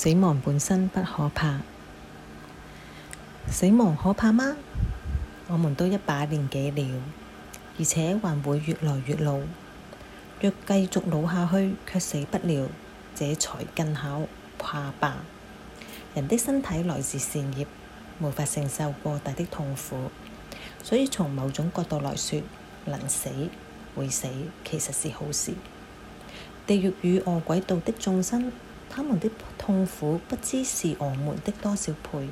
死亡本身不可怕，死亡可怕嗎？我們都一把年紀了，而且還會越來越老。若繼續老下去，卻死不了，這才更可怕吧。人的身體來自善業，無法承受過大的痛苦，所以從某種角度來說，能死會死，其實是好事。地獄與餓鬼道的眾生。他們的痛苦不知是我們的多少倍，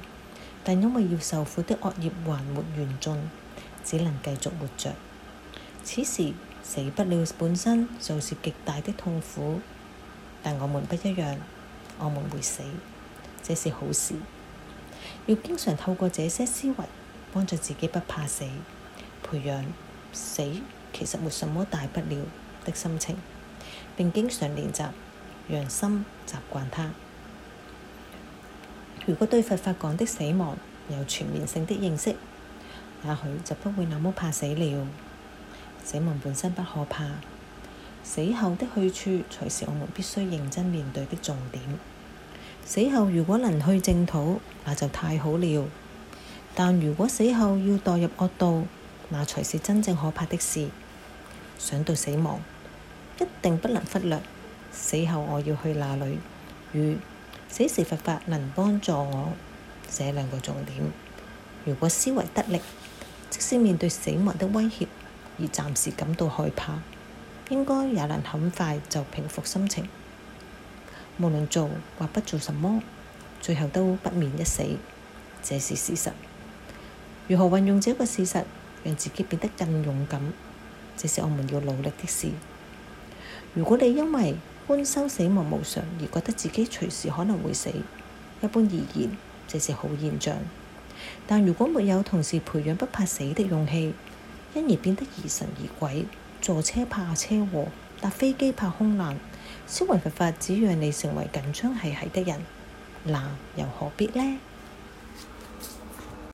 但因為要受苦的惡業還沒完盡，只能繼續活着。此時死不了本身就是極大的痛苦，但我們不一樣，我們會死，這是好事。要經常透過這些思維幫助自己不怕死，培養死其實沒什麼大不了的心情，並經常練習。讓心習慣它。如果對佛法講的死亡有全面性的認識，也許就不會那麼怕死了。死亡本身不可怕，死後的去處才是我們必須認真面對的重點。死後如果能去淨土，那就太好了。但如果死後要墮入惡道，那才是真正可怕的事。想到死亡，一定不能忽略。死後我要去哪裏？與死時佛法能幫助我，這兩個重點。如果思維得力，即使面對死亡的威脅而暫時感到害怕，應該也能很快就平復心情。無論做或不做什麼，最後都不免一死，這是事實。如何運用這個事實，讓自己變得更勇敢，這是我們要努力的事。如果你因為觀修死亡無常而覺得自己隨時可能會死，一般而言，這是好現象。但如果沒有同時培養不怕死的勇氣，因而變得疑神疑鬼，坐車怕車禍，搭飛機怕空難，思維佛法只讓你成為緊張兮兮的人，那又何必呢？